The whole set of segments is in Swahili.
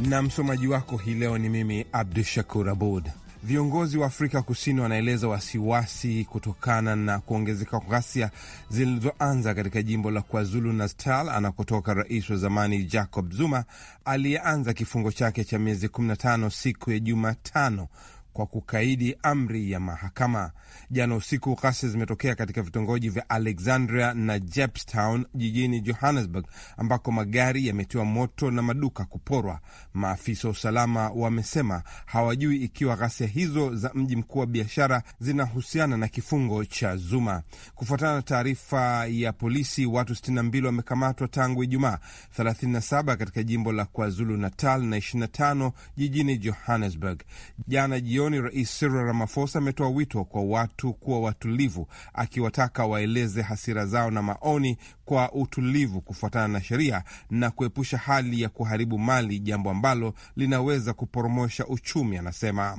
na msomaji wako hii leo ni mimi Abdu Shakur Abud. Viongozi wa Afrika Kusini wanaeleza wasiwasi kutokana na kuongezeka kwa ghasia zilizoanza katika jimbo la KwaZulu Natal anakotoka rais wa zamani Jacob Zuma aliyeanza kifungo chake cha miezi 15 siku ya Jumatano kwa kukaidi amri ya mahakama. Jana usiku, ghasia zimetokea katika vitongoji vya Alexandria na Jamestown jijini Johannesburg, ambako magari yametiwa moto na maduka kuporwa. Maafisa wa usalama wamesema hawajui ikiwa ghasia hizo za mji mkuu wa biashara zinahusiana na kifungo cha Zuma. Kufuatana na taarifa ya polisi, watu 62 wamekamatwa tangu Ijumaa, 37 katika jimbo la KwaZulu Natal na 25 jijini Johannesburg. Jana jioni, Rais Cyril Ramaphosa ametoa wito kwa watu kuwa watulivu, akiwataka waeleze hasira zao na maoni kwa utulivu kufuatana na sheria na kuepusha hali ya kuharibu mali, jambo ambalo linaweza kuporomosha uchumi, anasema.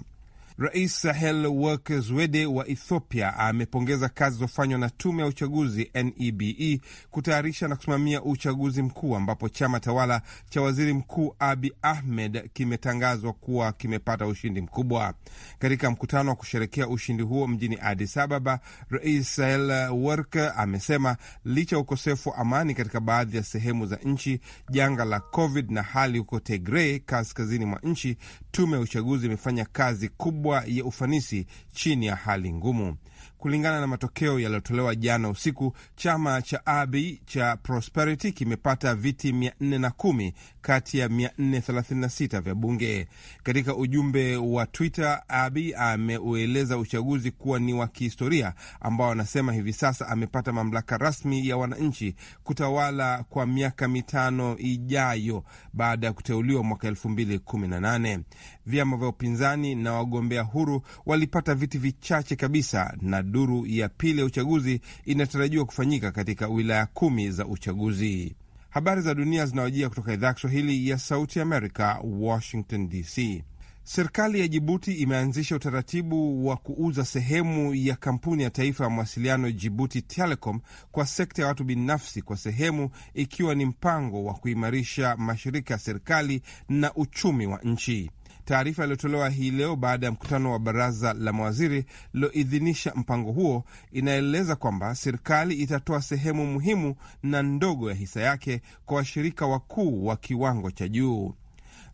Rais Sahel Work Zewde wa Ethiopia amepongeza kazi zilizofanywa na tume ya uchaguzi NEBE e, kutayarisha na kusimamia uchaguzi mkuu ambapo chama tawala cha waziri mkuu Abi Ahmed kimetangazwa kuwa kimepata ushindi mkubwa. Katika mkutano wa kusherekea ushindi huo mjini Adis Ababa, Rais Sahel Work amesema licha ya ukosefu wa amani katika baadhi ya sehemu za nchi, janga la COVID na hali huko Tigray kaskazini mwa nchi, tume ya uchaguzi imefanya kazi kubwa kubwa ya ufanisi chini ya hali ngumu. Kulingana na matokeo yaliyotolewa jana usiku, chama cha Abi cha Prosperity kimepata viti 410 kati ya 436 vya bunge. Katika ujumbe wa Twitter, Abi ameueleza uchaguzi kuwa ni wa kihistoria ambao anasema hivi sasa amepata mamlaka rasmi ya wananchi kutawala kwa miaka mitano ijayo baada ya kuteuliwa mwaka 2018. Vyama vya upinzani na wagombea huru walipata viti vichache kabisa, na duru ya pili ya uchaguzi inatarajiwa kufanyika katika wilaya kumi za uchaguzi. Habari za dunia zinaojia kutoka idhaa ya Kiswahili ya Sauti Amerika, Washington DC. Serikali ya Jibuti imeanzisha utaratibu wa kuuza sehemu ya kampuni ya taifa ya mawasiliano Jibuti Telecom kwa sekta ya watu binafsi kwa sehemu, ikiwa ni mpango wa kuimarisha mashirika ya serikali na uchumi wa nchi. Taarifa iliyotolewa hii leo baada ya mkutano wa baraza la mawaziri lilioidhinisha mpango huo inaeleza kwamba serikali itatoa sehemu muhimu na ndogo ya hisa yake kwa washirika wakuu wa kiwango cha juu.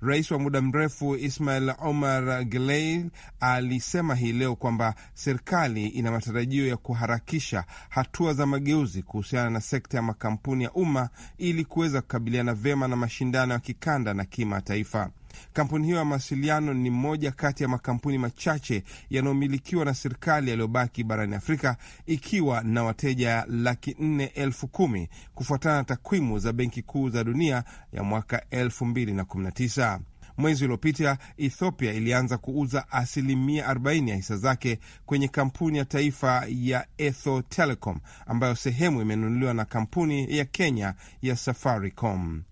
Rais wa muda mrefu Ismail Omar Guelleh alisema hii leo kwamba serikali ina matarajio ya kuharakisha hatua za mageuzi kuhusiana na sekta ya makampuni ya umma ili kuweza kukabiliana vyema na mashindano ya kikanda na kimataifa. Kampuni hiyo ya mawasiliano ni moja kati ya makampuni machache yanayomilikiwa na serikali yaliyobaki barani Afrika, ikiwa na wateja laki nne elfu kumi kufuatana na takwimu za Benki Kuu za Dunia ya mwaka 2019. Mwezi uliopita Ethiopia ilianza kuuza asilimia 40 ya hisa zake kwenye kampuni ya taifa ya Ethio Telecom ambayo sehemu imenunuliwa na kampuni ya Kenya ya Safaricom.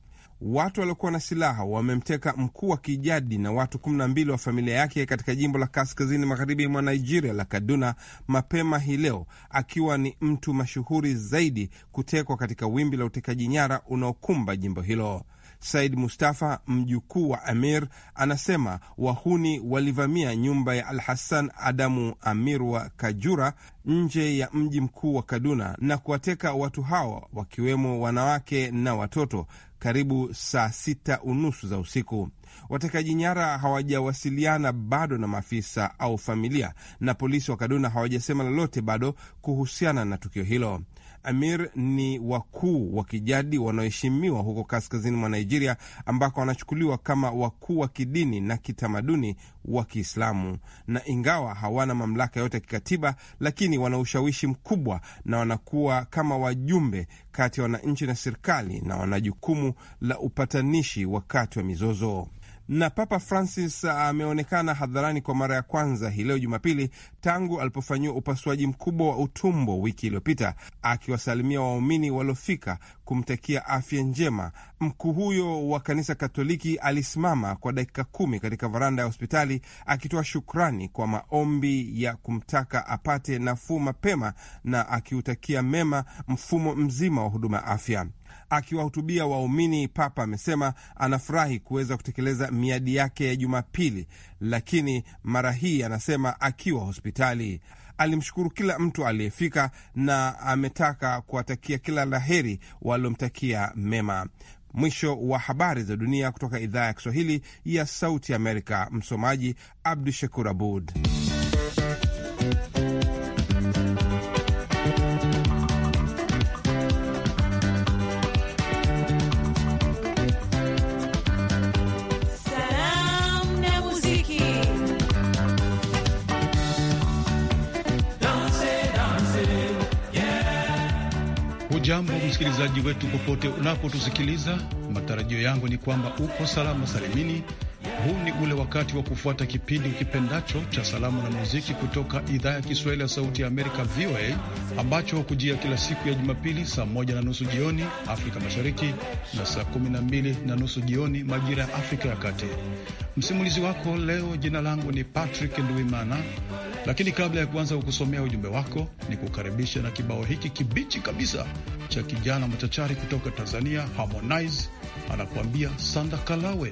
Watu waliokuwa na silaha wamemteka mkuu wa kijadi na watu 12 wa familia yake katika jimbo la kaskazini magharibi mwa Nigeria la Kaduna mapema hii leo, akiwa ni mtu mashuhuri zaidi kutekwa katika wimbi la utekaji nyara unaokumba jimbo hilo. Said Mustafa, mjukuu wa Amir, anasema wahuni walivamia nyumba ya Al Hassan Adamu, amir wa Kajura, nje ya mji mkuu wa Kaduna na kuwateka watu hawa, wakiwemo wanawake na watoto karibu saa sita unusu za usiku. Watekaji nyara hawajawasiliana bado na maafisa au familia, na polisi wa Kaduna hawajasema lolote bado kuhusiana na tukio hilo. Amir ni wakuu wa kijadi wanaoheshimiwa huko kaskazini mwa Nigeria, ambako wanachukuliwa kama wakuu wa kidini na kitamaduni wa Kiislamu, na ingawa hawana mamlaka yote ya kikatiba, lakini wana ushawishi mkubwa na wanakuwa kama wajumbe kati ya wananchi na serikali na wana jukumu la upatanishi wakati wa mizozo. Na Papa Francis ah, ameonekana hadharani kwa mara ya kwanza hii leo Jumapili tangu alipofanyiwa upasuaji mkubwa wa utumbo wiki iliyopita, akiwasalimia waumini waliofika kumtakia afya njema. Mkuu huyo wa kanisa Katoliki alisimama kwa dakika kumi katika varanda ya hospitali akitoa shukrani kwa maombi ya kumtaka apate nafuu mapema na akiutakia mema mfumo mzima wa huduma ya afya. Akiwahutubia waumini, Papa amesema anafurahi kuweza kutekeleza miadi yake ya Jumapili, lakini mara hii anasema akiwa hospitali. Alimshukuru kila mtu aliyefika na ametaka kuwatakia kila laheri waliomtakia mema. Mwisho wa habari za dunia kutoka idhaa ya Kiswahili ya Sauti Amerika. Msomaji Abdu Shakur Abud. Hujambo msikilizaji wetu popote unapotusikiliza, matarajio yangu ni kwamba uko salama salimini huu ni ule wakati wa kufuata kipindi ukipendacho cha salamu na muziki kutoka idhaa ya Kiswahili ya Sauti ya Amerika, VOA, ambacho hukujia kila siku ya Jumapili saa moja na nusu jioni Afrika Mashariki na saa kumi na mbili na nusu jioni majira ya Afrika ya Kati. Msimulizi wako leo, jina langu ni Patrick Nduimana, lakini kabla ya kuanza kukusomea ujumbe wako, ni kukaribisha na kibao hiki kibichi kabisa cha kijana machachari kutoka Tanzania, Harmonize anakuambia Sanda Kalawe.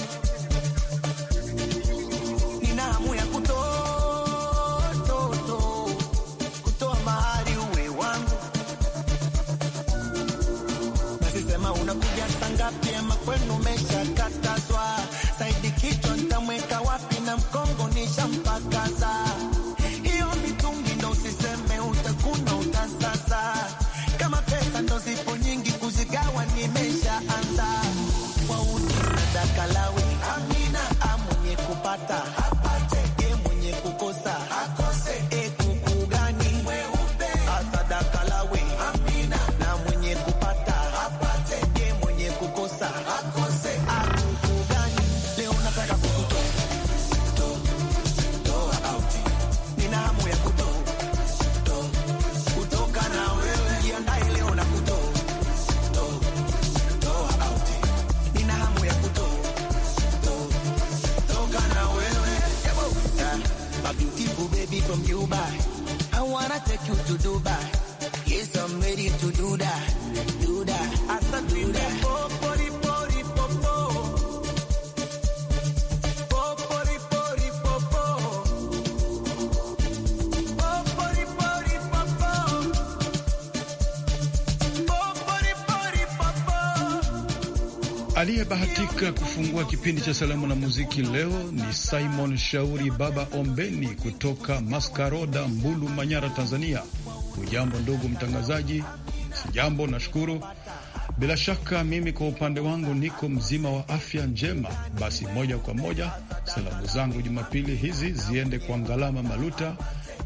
katika kufungua kipindi cha salamu na muziki leo ni Simon Shauri Baba Ombeni kutoka Maskaroda, Mbulu, Manyara, Tanzania. Ujambo ndugu mtangazaji? Sijambo, nashukuru. Bila shaka mimi kwa upande wangu niko mzima wa afya njema. Basi moja kwa moja salamu zangu Jumapili hizi ziende kwa Ngalama Maluta,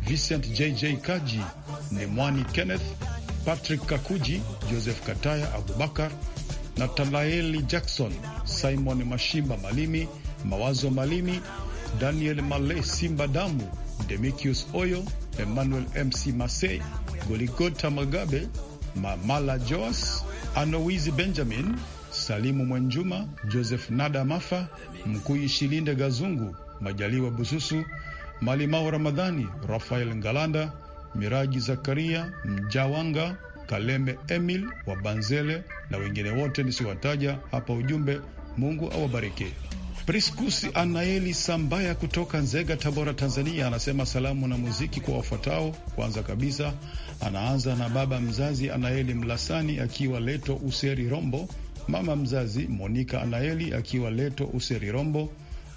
Vincent JJ Kaji, Nemwani Kenneth, Patrick Kakuji, Joseph Kataya, Abubakar natalaeli Jackson, Simon Mashimba Malimi, Mawazo Malimi, Daniel Male Simba Damu, Demikius Oyo, Emmanuel MC Masei, Goligota Magabe, Mamala Joas, Anowizi Benjamin, Salimu Mwenjuma, Joseph Nada Mafa, Mkuyi Shilinde Gazungu, Majaliwa Bususu, Malimao Ramadhani, Rafael Ngalanda, Miraji Zakaria, Mjawanga Kaleme Emil wa Banzele na wengine wote nisiwataja hapa. Ujumbe, Mungu awabariki. Priskusi Anaeli Sambaya kutoka Nzega, Tabora, Tanzania, anasema salamu na muziki kwa wafuatao. Kwanza kabisa, anaanza na baba mzazi Anaeli Mlasani akiwa Leto Useri Rombo, mama mzazi Monika Anaeli akiwa Leto Useri Rombo,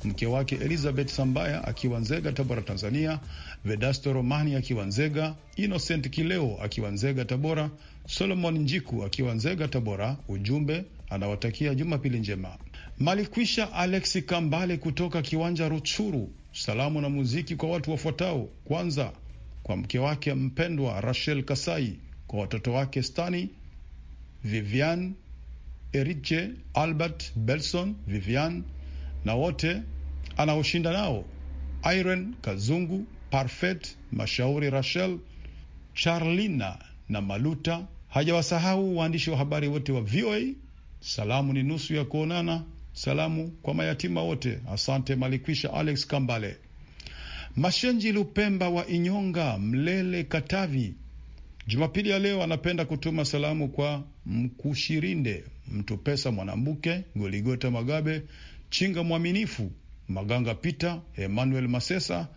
mke wake Elizabeth Sambaya akiwa Nzega, Tabora, Tanzania, Vedasto Romani akiwa Nzega, Innocent Kileo akiwa Nzega, Tabora, Solomon Njiku akiwa Nzega, Tabora. Ujumbe anawatakia Jumapili njema. Malikwisha Alexi Kambale kutoka kiwanja Ruchuru, salamu na muziki kwa watu wafuatao. Kwanza kwa mke wake mpendwa Rachel Kasai, kwa watoto wake Stani, Vivian, Eriche, Albert, Belson, Vivian na wote anaoshinda nao Irene Kazungu, Parfait Mashauri, Rachel Charlina na Maluta. Hajawasahau waandishi wa habari wote wa VOA. Salamu ni nusu ya kuonana. Salamu kwa mayatima wote. Asante Malikwisha Alex Kambale Mashenji Lupemba wa Inyonga, Mlele, Katavi. Jumapili ya leo anapenda kutuma salamu kwa Mkushirinde Mtu Pesa, Mwanambuke Goligota Magabe, Chinga Mwaminifu, Maganga Peter, Emmanuel Masesa,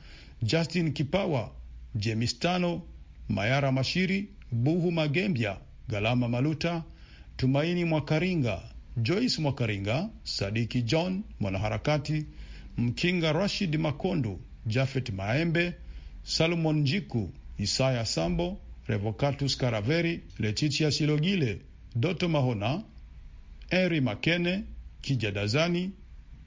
Justin Kipawa, Tano, Mayara, Mashiri Buhu, Magembya, Galama Maluta, Tumaini Mwakaringa, Joyce Mwakaringa, Sadiki John mwanaharakati, Mkinga Rashid Makondu, Jafet Maembe, Salomon Njiku, Isaya Sambo, Revocatus Karaveri, Letitia Silogile, Doto Mahona, Eri Makene, Kijadazani,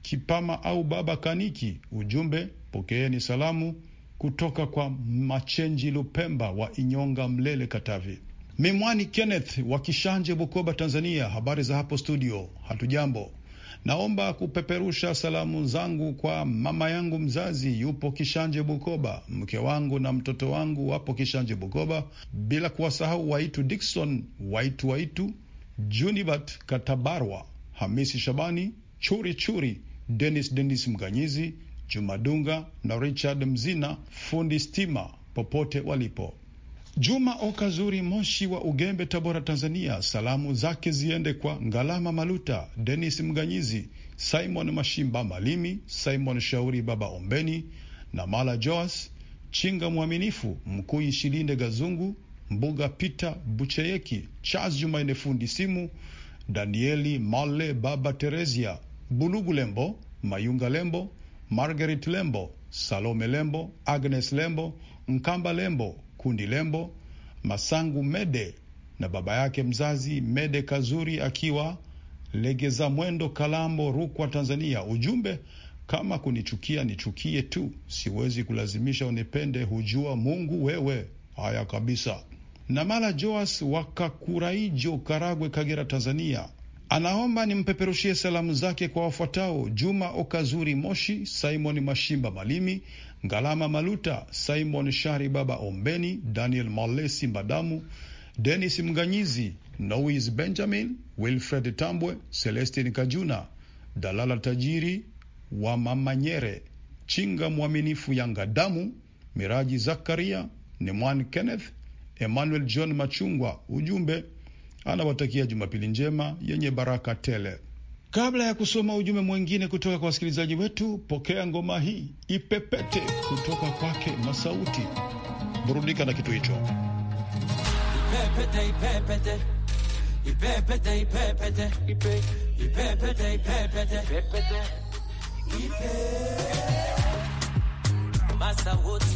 Kipama au Baba Kaniki. Ujumbe: pokeeni salamu kutoka kwa Machenji Lupemba wa Inyonga, Mlele, Katavi. Mimwani Kenneth wa Kishanje, Bukoba, Tanzania. Habari za hapo studio? Hatujambo. Naomba kupeperusha salamu zangu kwa mama yangu mzazi, yupo Kishanje Bukoba, mke wangu na mtoto wangu wapo Kishanje Bukoba, bila kuwasahau Waitu Dikson Waitu Waitu, Junibat Katabarwa, Hamisi Shabani Churi Churi Denis Denis Mganyizi, Jumadunga na Richard Mzina, fundi stima, popote walipo. Juma Okazuri Moshi wa Ugembe, Tabora, Tanzania, salamu zake ziende kwa Ngalama Maluta, Denis Mganyizi, Simon Mashimba Malimi, Simon Shauri, Baba Ombeni na Mala Joas Chinga Mwaminifu, Mkuu Shilinde Gazungu, Mbuga Peter Bucheyeki, Charles Jumaine, fundi simu, Danieli Male, Baba Teresia Bulugu Lembo, Mayunga Lembo, Margaret Lembo, Salome Lembo, Agnes Lembo, Mkamba Lembo, Kundi Lembo, Masangu Mede na baba yake mzazi Mede Kazuri akiwa Legeza Mwendo, Kalambo, Rukwa, Tanzania. Ujumbe, kama kunichukia nichukie tu, siwezi kulazimisha unipende, hujua Mungu wewe. Haya kabisa. Namala Joas Wakakuraijo, Karagwe, Kagera, Tanzania. Anaomba nimpeperushie salamu zake kwa wafuatao: Juma Okazuri Moshi, Simon Mashimba Malimi, Ngalama Maluta, Simon Shari, Baba Ombeni, Daniel Malesi Mbadamu, Denis Mganyizi, Nois Benjamin, Wilfred Tambwe, Celestin Kajuna, Dalala Tajiri wa Mamanyere, Chinga Mwaminifu yangadamu Miraji Zakaria, Nemwan Kenneth, Emmanuel John Machungwa. Ujumbe anawatakia Jumapili njema yenye baraka tele. Kabla ya kusoma ujumbe mwingine kutoka kwa wasikilizaji wetu, pokea ngoma hii ipepete kutoka kwake Masauti. Burudika na kitu hicho Masauti.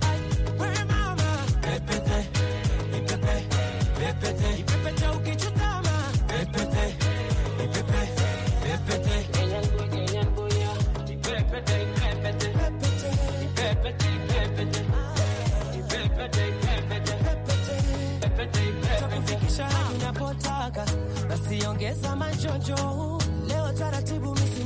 biashara ninapotaka, basi ongeza machojo leo taratibu, mimi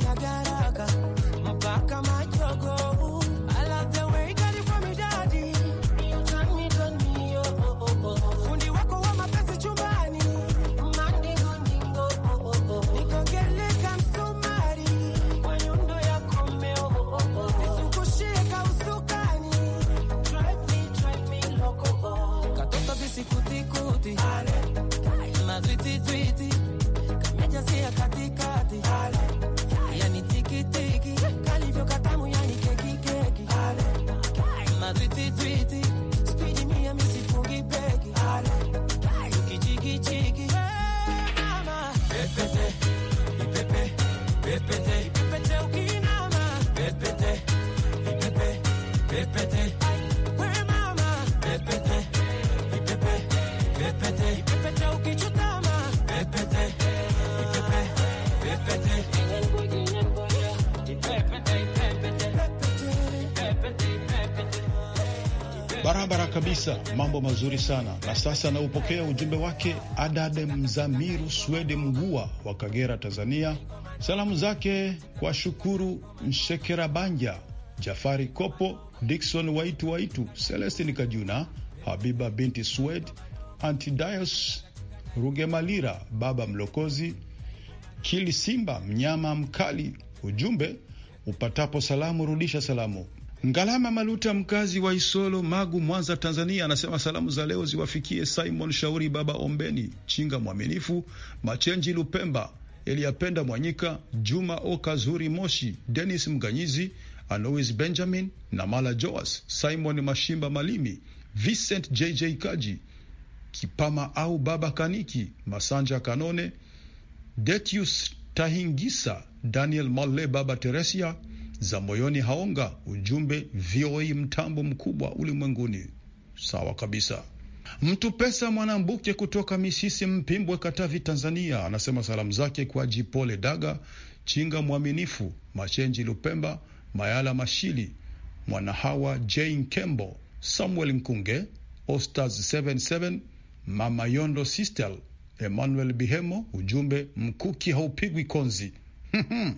kabisa, mambo mazuri sana. Na sasa naupokea ujumbe wake Adade Mzamiru Swede Mgua wa Kagera, Tanzania. Salamu zake kwa Shukuru Banja, Jafari Kopo, Dikson Waitu Waitu, Selestini Kajuna, Habiba binti Swed, Antidios Rugemalira, Baba Mlokozi, Kili Simba mnyama mkali. Ujumbe: upatapo salamu rudisha salamu. Ngalama Maluta, mkazi wa Isolo, Magu, Mwanza, Tanzania, anasema salamu za leo ziwafikie Simon Shauri, Baba Ombeni Chinga, Mwaminifu Machenji Lupemba, Eliapenda Mwanyika, Juma Okazuri Moshi, Denis Mganyizi, anois Benjamin na Mala Joas, Simon Mashimba Malimi, Vincent JJ Kaji Kipama au Baba Kaniki, Masanja Kanone, Detius Tahingisa, Daniel Malle, Baba Teresia za moyoni haonga ujumbe VOA mtambo mkubwa ulimwenguni. Sawa kabisa. Mtu pesa Mwanambuke kutoka Misisi Mpimbwe, Katavi, Tanzania, anasema salamu zake kwa Jipole Daga Chinga, Mwaminifu Machenji Lupemba, Mayala Mashili, Mwanahawa Jane Kembo, Samuel Nkunge, Ostars 77, Mama Yondo, Sistel Emmanuel Bihemo. Ujumbe mkuki haupigwi konzi hmm, hmm.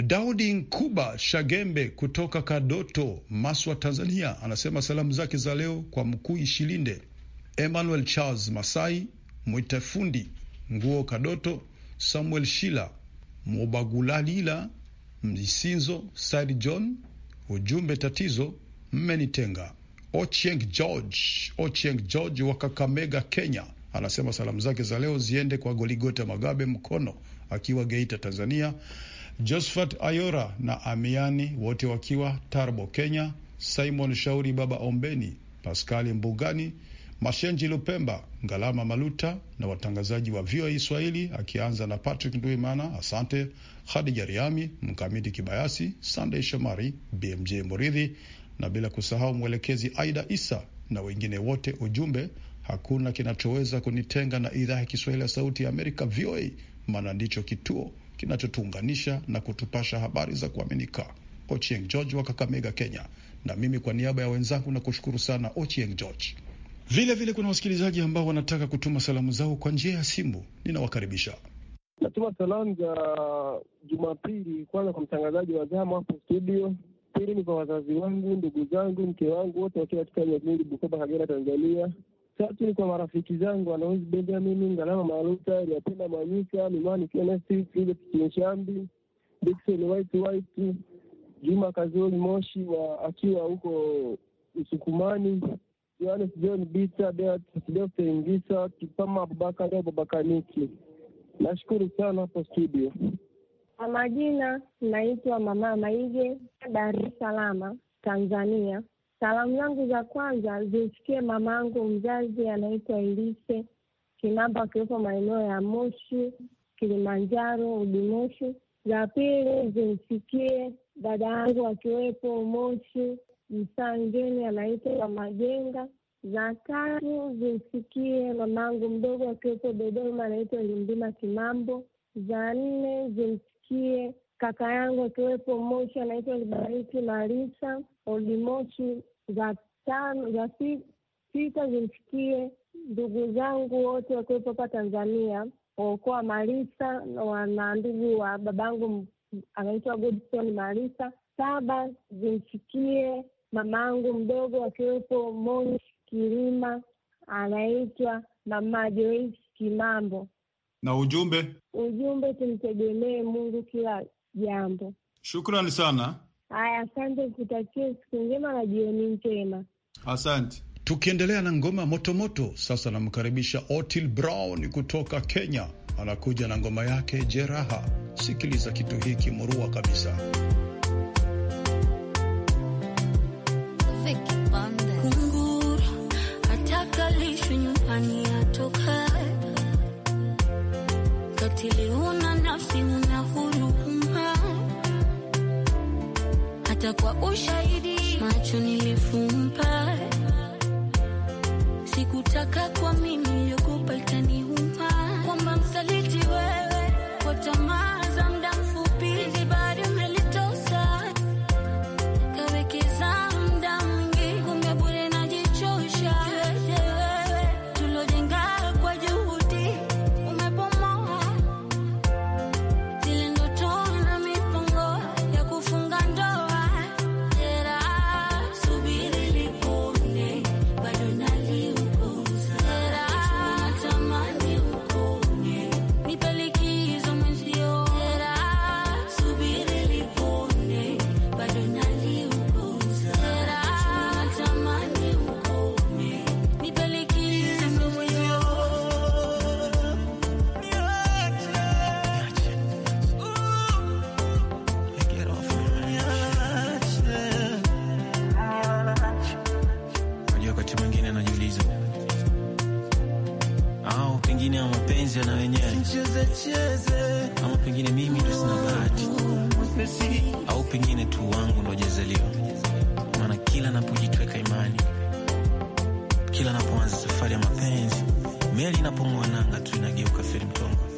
Daudi Nkuba Shagembe kutoka Kadoto, Maswa, Tanzania, anasema salamu zake za leo kwa mkuu Ishilinde, Emmanuel Charles Masai, Mwitafundi Nguo Kadoto, Samuel Shila, Mobagulalila Msinzo, Said John. Ujumbe, tatizo mmenitenga. Ochieng George, Ochieng George wa Kakamega, Kenya, anasema salamu zake za leo ziende kwa Goligota Magabe Mkono akiwa Geita, Tanzania. Josphat Ayora na Amiani wote wakiwa Tarbo, Kenya, Simon Shauri, Baba Ombeni, Paskali Mbugani, Mashenji Lupemba, Ngalama Maluta na watangazaji wa VOA Swahili, akianza na Patrick Nduimana, asante Khadija Riami, Mkamidi Kibayasi, Sandey Shomari, BMJ Muridhi na bila kusahau mwelekezi Aida Isa na wengine wote. Ujumbe, hakuna kinachoweza kunitenga na idhaa ya Kiswahili ya Sauti ya Amerika, VOA, maana ndicho kituo kinachotuunganisha na kutupasha habari za kuaminika. Ochieng George wa Kakamega, Kenya. Na mimi kwa niaba ya wenzangu na kushukuru sana Ochieng George. Vile vile kuna wasikilizaji ambao wanataka kutuma salamu zao kwa njia ya simu, ninawakaribisha. Natuma salamu za Jumapili kwanza kwa mtangazaji wa zamu hapo studio. Pili ni kwa wazazi wangu, ndugu zangu, mke wangu, wote wakiwa katika Bukoba, Kagera, Tanzania. Tatu, kwa marafiki zangu Alois Benjamin, Ngalama Maluta, Liapenda Mwanyika, Mimani Kenesi, Philip Kinshambi, Dikson White White, Juma Kazuri Moshi wa akiwa huko Usukumani, Johannes John Bita, Deote Ingisa, Kipama Abubakari Abubakaniki. Nashukuru sana hapo studio. Kwa majina naitwa Mama Maige, Dar es Salaam, Tanzania. Salamu zangu za kwanza zimfikie mamangu mzazi anaitwa Elise Kinamba, akiwepo maeneo ya Moshi, Kilimanjaro, Udimoshi. Za pili zimfikie dada yangu akiwepo Moshi Msangeni, anaitwa Majenga. Za tatu zimfikie mamangu mdogo akiwepo Dodoma, anaitwa Limdima Kimambo. Za nne zimfikie kaka yangu akiwepo Moshi, anaitwa Libariki Marisa Odimoshi za tano za sita zimfikie ndugu zangu wote wakiwepo hapa Tanzania, waokoa Marisa na ndugu wa babangu anaitwa Godson Marisa. Saba zimfikie mamaangu mdogo akiwepo Moni Kilima anaitwa Mama Joyce Kimambo. Na ujumbe ujumbe, tumtegemee Mungu kila jambo. Shukrani sana. Haya, asante, kutakia siku njema na jioni njema, asante. Tukiendelea na ngoma motomoto sasa, namkaribisha Otil Brown kutoka Kenya, anakuja na ngoma yake Jeraha. Sikiliza kitu hiki murua kabisa. Katili nafsi hata kwa ushahidi. Macho nilifumpa, sikutaka kwa mimi wakati mwingine anajiuliza, au pengine ya mapenzi ana wenyewe, ama pengine mimi ndo sina bahati, au pengine tu wangu ndo jezaliwa. Maana kila napojitweka imani, kila napoanza safari ya mapenzi, meli inapong'oa nanga tu inageuka feri mtongwe.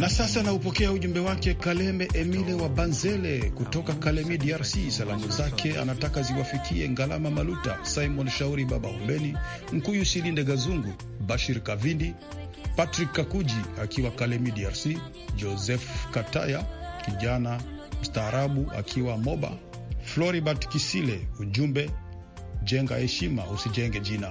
Na sasa naupokea ujumbe wake Kaleme Emile wa Banzele kutoka Kalemi, DRC. Salamu zake anataka ziwafikie Ngalama Maluta, Simon Shauri, Baba umbeni Mkuyu, Silinde Gazungu, Bashir Kavindi, Patrick Kakuji akiwa Kalemi, DRC, Joseph Kataya kijana mstaarabu akiwa Moba, Floribert Kisile. Ujumbe, jenga heshima usijenge jina.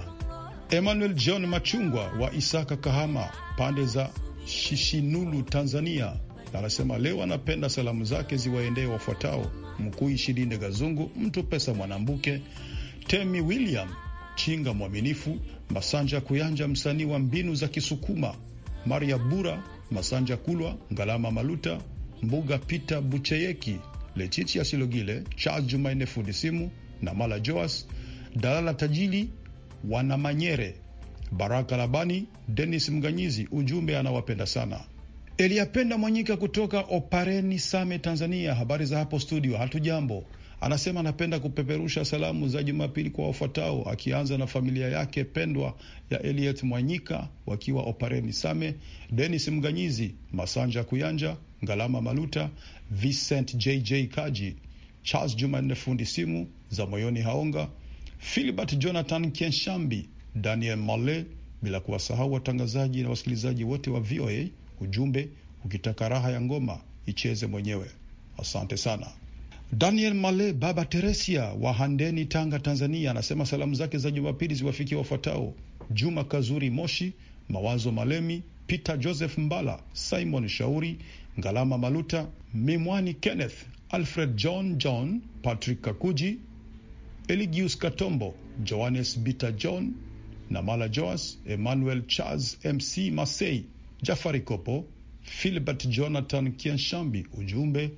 Emmanuel John Machungwa wa Isaka, Kahama, pande za Shishinulu, Tanzania, anasema leo anapenda salamu zake ziwaendee wafuatao: Mkuu Shidinde Gazungu, Mtu Pesa Mwanambuke, Temi William Chinga Mwaminifu, Masanja Kuyanja, msanii wa mbinu za Kisukuma, Maria Bura, Masanja Kulwa, Ngalama Maluta, Mbuga Pita Bucheyeki, Lechichi Asilogile, Charles Jumanne, fundi simu na Mala Joas, Dalala Tajili, Wanamanyere, Baraka Labani, Denis Mganyizi, ujumbe anawapenda sana. Eliapenda Mwanyika kutoka Opareni Same, Tanzania. Habari za hapo studio? Hatujambo. Anasema anapenda kupeperusha salamu za Jumapili kwa wafuatao, akianza na familia yake pendwa ya Eliet Mwanyika wakiwa Opareni Same, Denis Mganyizi, Masanja Kuyanja, Ngalama Maluta, Vincent JJ Kaji, Charles Jumanne fundi simu za moyoni, Haonga Filibert Jonathan Kenshambi Daniel Malley, bila kuwasahau watangazaji na wasikilizaji wote wa VOA. Ujumbe ukitaka raha ya ngoma icheze mwenyewe. Asante sana. Daniel Male, Baba Teresia wa Handeni, Tanga, Tanzania, anasema salamu zake za Jumapili ziwafikie wafuatao: Juma Kazuri Moshi, Mawazo Malemi, Peter Joseph Mbala, Simon Shauri, Ngalama Maluta, Mimwani Kenneth, Alfred John John, Patrick Kakuji, Eligius Katombo, Johannes Bita John, Namala Joas, Emmanuel Charles, Mc Masei, Jafari Kopo, Philbert Jonathan Kienshambi. Ujumbe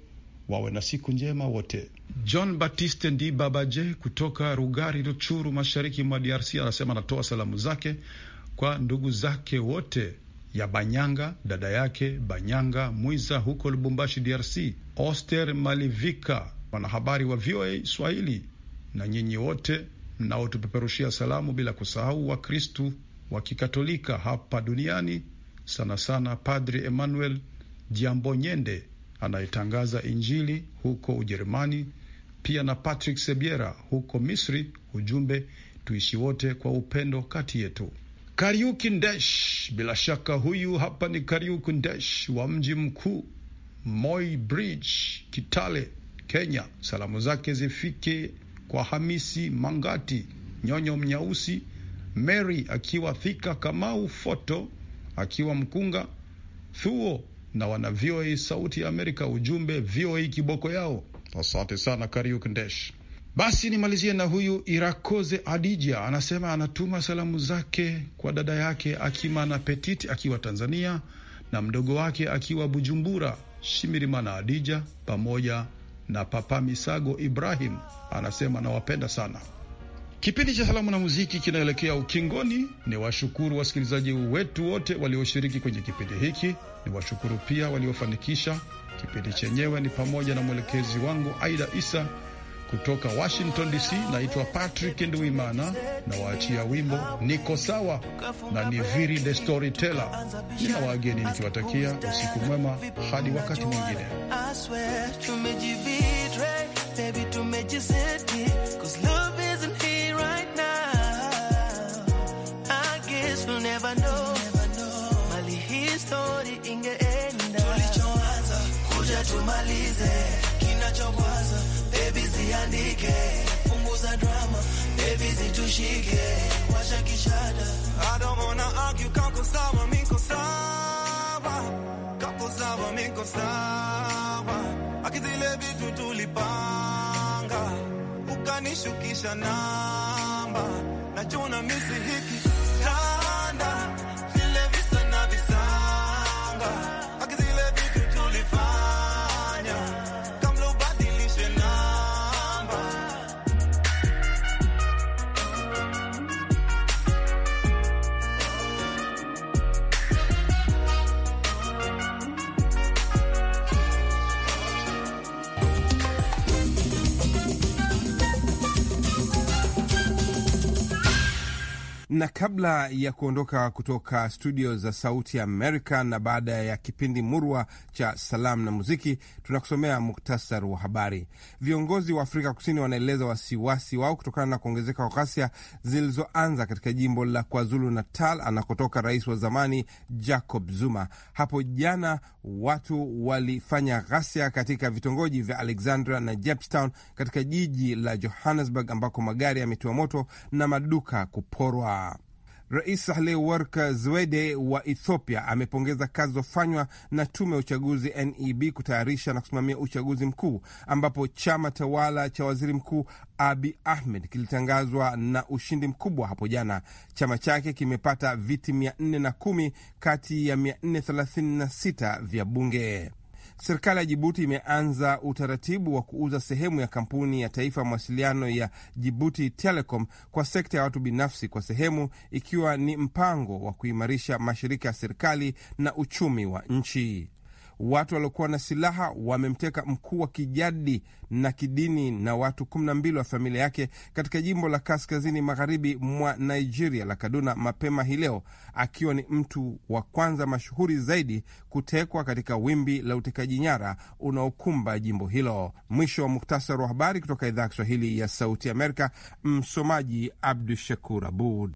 wawe na siku njema wote. John Batiste Ndi Babaje kutoka Rugari, Ruchuru, mashariki mwa DRC anasema anatoa salamu zake kwa ndugu zake wote ya Banyanga, dada yake Banyanga Mwiza huko Lubumbashi, DRC, Oster Malivika, mwanahabari wa VOA Swahili na nyinyi wote mnaotupeperushia salamu, bila kusahau Wakristu wa Kikatolika hapa duniani, sana sana Padri Emmanuel jambo nyende anayetangaza Injili huko Ujerumani, pia na Patrick Sebiera huko Misri. Ujumbe, tuishi wote kwa upendo kati yetu. Kariuki Ndesh, bila shaka huyu hapa ni Kariuki Ndesh wa mji mkuu Moi Bridge, Kitale, Kenya. Salamu zake zifike kwa Hamisi Mangati Nyonyo Mnyausi, Mary akiwa Thika Kamau Foto akiwa Mkunga Thuo na wana VOA Sauti ya Amerika, ujumbe VOA kiboko yao. Asante sana Kariuk Ndesh. Basi nimalizie na huyu Irakoze Adija, anasema anatuma salamu zake kwa dada yake Akimana Petit akiwa Tanzania na mdogo wake akiwa Bujumbura, Shimirimana Adija pamoja na Papa Misago Ibrahim anasema nawapenda sana. Kipindi cha salamu na muziki kinaelekea ukingoni. Ni washukuru wasikilizaji wetu wote walioshiriki kwenye kipindi hiki, ni washukuru pia waliofanikisha kipindi chenyewe, ni pamoja na mwelekezi wangu Aida Isa kutoka Washington DC naitwa Patrick Ndwimana na waachia wimbo niko sawa na ni Viri the Storyteller. Nina wageni nikiwatakia usiku mwema hadi wakati mwingine. tutoke, punguza drama, baby zitushike, wacha kishada. I don't wanna argue, kako sawa, miko sawa, kako sawa, miko sawa, akizile vitu tulipanga, ukanishukisha namba, nachuna misi hiki tanda Na kabla ya kuondoka kutoka studio za Sauti ya Amerika na baada ya kipindi murwa cha salamu na muziki, tunakusomea muktasar wa habari. Viongozi wa Afrika Kusini wanaeleza wasiwasi wao kutokana na kuongezeka kwa ghasia zilizoanza katika jimbo la KwaZulu Natal anakotoka rais wa zamani Jacob Zuma. Hapo jana watu walifanya ghasia katika vitongoji vya Alexandra na Jeppestown katika jiji la Johannesburg ambako magari yametiwa moto na maduka kuporwa. Rais Sahle-Work Zewde wa Ethiopia amepongeza kazi zofanywa na tume ya uchaguzi NEB kutayarisha na kusimamia uchaguzi mkuu ambapo chama tawala cha waziri mkuu abi Ahmed kilitangazwa na ushindi mkubwa hapo jana. Chama chake kimepata viti 410 kati ya 436 vya bunge. Serikali ya Jibuti imeanza utaratibu wa kuuza sehemu ya kampuni ya taifa ya mawasiliano ya Jibuti Telecom kwa sekta ya watu binafsi kwa sehemu, ikiwa ni mpango wa kuimarisha mashirika ya serikali na uchumi wa nchi. Watu waliokuwa na silaha wamemteka mkuu wa kijadi na kidini na watu kumi na mbili wa familia yake katika jimbo la kaskazini magharibi mwa Nigeria la Kaduna mapema hii leo, akiwa ni mtu wa kwanza mashuhuri zaidi kutekwa katika wimbi la utekaji nyara unaokumba jimbo hilo. Mwisho wa muktasari wa habari kutoka idhaa ya Kiswahili ya Sauti Amerika. Msomaji Abdu Shakur Abud.